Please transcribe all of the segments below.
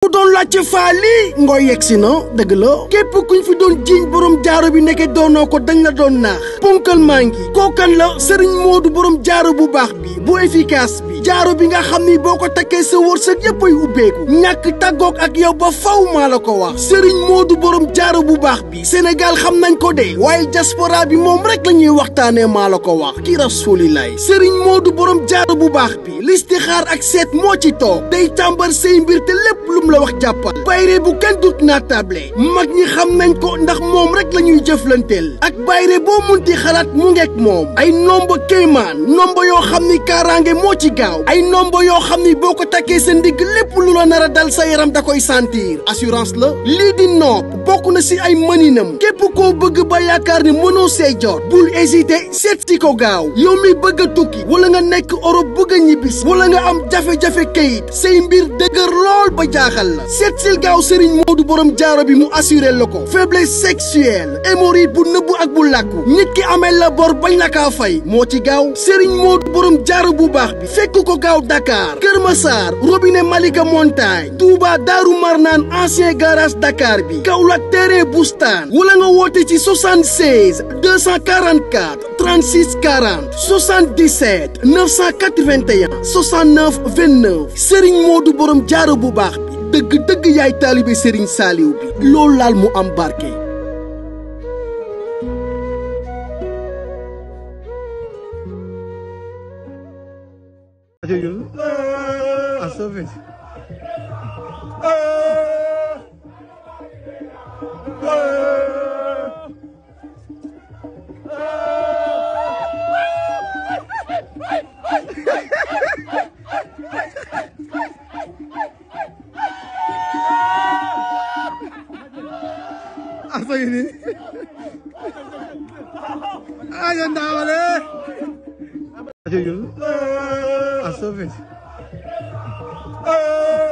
ku doon laajte faali ngooy yegsi na dëgg la képp kuñ fi doon jiiñ borom jaaro bi nekke doonoo ko dañ la doon naax ponkal maa ngi kookan la sëriñ du borom jaaro bu baax bi bu efficace bi jaaro bi nga xam ni boo ko takkee sa wërsëg yépp ay ubbeeku ñàkk tàggoog ak yow ba faw maa la ko wax sëriñ moodu borom jaaro bu baax bi Sénégal xam nañ ko de waaye diaspora bi moom rek la waxtaanee maa la ko wax ki rasulilaay sëriñ moodu borom jaaro bu baax bi listixaar ak seet moo ci toog day tàmbar say mbir te moom la wax jàppal bayre bu kenn dut naa table mag ñi xam nañ ko ndax moom rek la ñuy jëflanteel ak bayre boo munti xalaat mu ngeek moom ay nomba kéemaan nomba yoo xam ni kaaraange moo ci gaaw ay nomba yoo xam ni boo ko takkee sa ndigg lépp lu la nar a dal sa yaram da koy sentir assurance la lii di nopp bokk na si ay maninam képp koo bëgg ba yaakaar ni mënoo see jot bul hésiter seet si ko gaaw yow mi bëgg tukki wala nga nekk Europe bëgg a ñibbis wala nga am jafe-jafe kayit mbir dëgër lool ba neexal la seet gaaw Serigne Modou borom jaaro bi mu assuré la ko faiblesse sexuelle hémorroïde bu nëbbu ak bu làkku nit ki amel la bor bañ la kaa fay moo ci gaaw Serigne Modou borom jaaro bu baax bi fekk ko gaaw Dakar Kër Massar robinet Malika Montagne Touba Daaru Marnaan ancien garage Dakar bi Kaolack terrain Boustan wala nga woote ci 76 244 36 40 77 981 69 29 Serigne Modou borom jaaro bu baax dëgg dëgg yaay taalibe Serigne Saliou bi loolu laal mu am barke. ini. Ayo ndak wale. Ayo yul. Asofis. Eh.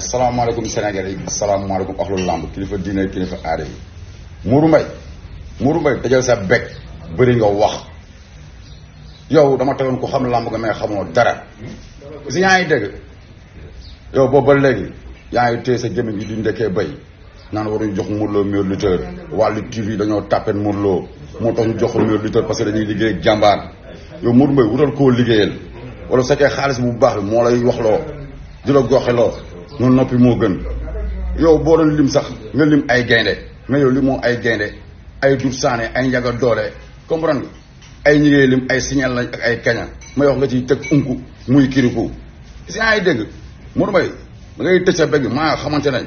asalaamaaleykum Sénégal yi asalaamaaleykum axlul lamb kilifa diine kilifa aada yi Mourou Mbaye Mourou Mbaye dajal sa bekk bëri nga wax yow dama tegoon ko xam lamb nga mais xamoo dara si yaa ngi dégg yow ba léegi yaa ngi téye sa gémmiñ gi di ndekkee bay naan waruñu jox Modou Lo meilleur lutteur wàllu TV dañoo tàppeen Modou Lo moo tax ñu jox ko meilleur lutteur que dañuy liggéey ak jàmbaar yow Mourou Mbaye wutal koo liggéeyal wala fekkee xaalis bu baax bi moo lay wax loo di la goxe loo noonu noppi moo gën yow boo doon lim sax nga lim ay gaynde mais yow limoo ay gaynde ay dur saane ay njaga doole comprendre ay ñi ngay lim ay signal lañ ak ay kaña may wax nga ciy teg unku muy kiriku si ay dégg Modou Mbaye da ngay tëj sa bëgg xamante nañ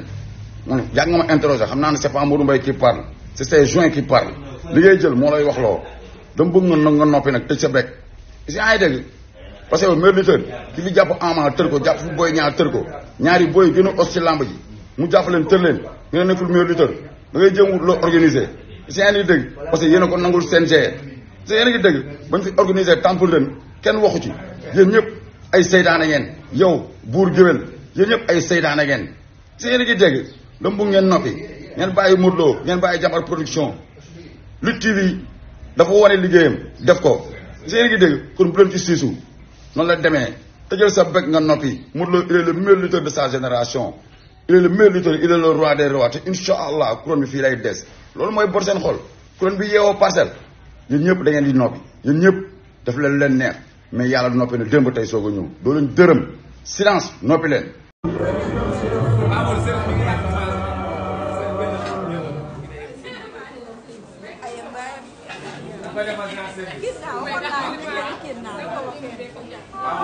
man yàgg nga ma interroger xam naa c'est pas Modou Mbaye qui parle c'est ses joints qui parle li ngay jël moo lay wax loo dama bëgg nga nga noppi nag tëj sa ay dégg parce que yow ki fi jàpp Ama tër ko jàpp fi booy ñaar tër ko ñaari booy gën a os ci làmb ji mu jàpp leen tër leen nga ne nekkul meilleur lutteur da ngay jéem loo organisé si yéen a ngi dégg parce que yéen a ko nangul seen si yéen a ngi dégg bañ fi organisé tampul leen kenn waxu ci yéen ñëpp ay seydaane ngeen yow buur géwél yéen ñëpp ay seydaane ngeen si yéen a ngi dégg dama ngeen noppi ngeen bàyyi Modou Lo ngeen bàyyi Jambar production li TV dafa wane liggéeyam def ko si yéen a ngi dégg kon bu leen ci siisu noonu la demee tëjal sa bëgg nga noppi Modou Lo il est le meilleur lutteur de sa génération il est le meilleur lutteur il est le roi des rois te incha allah couronne bi fii lay des loolu mooy bor seen xol couronne bi yeewoo parcelle ñun ñëpp da ngeen di noppi ñun ñëpp daf leen leen neex mais yàlla du noppi ne démb tey soog a ñëw doo leen dërëm silence noppi leen không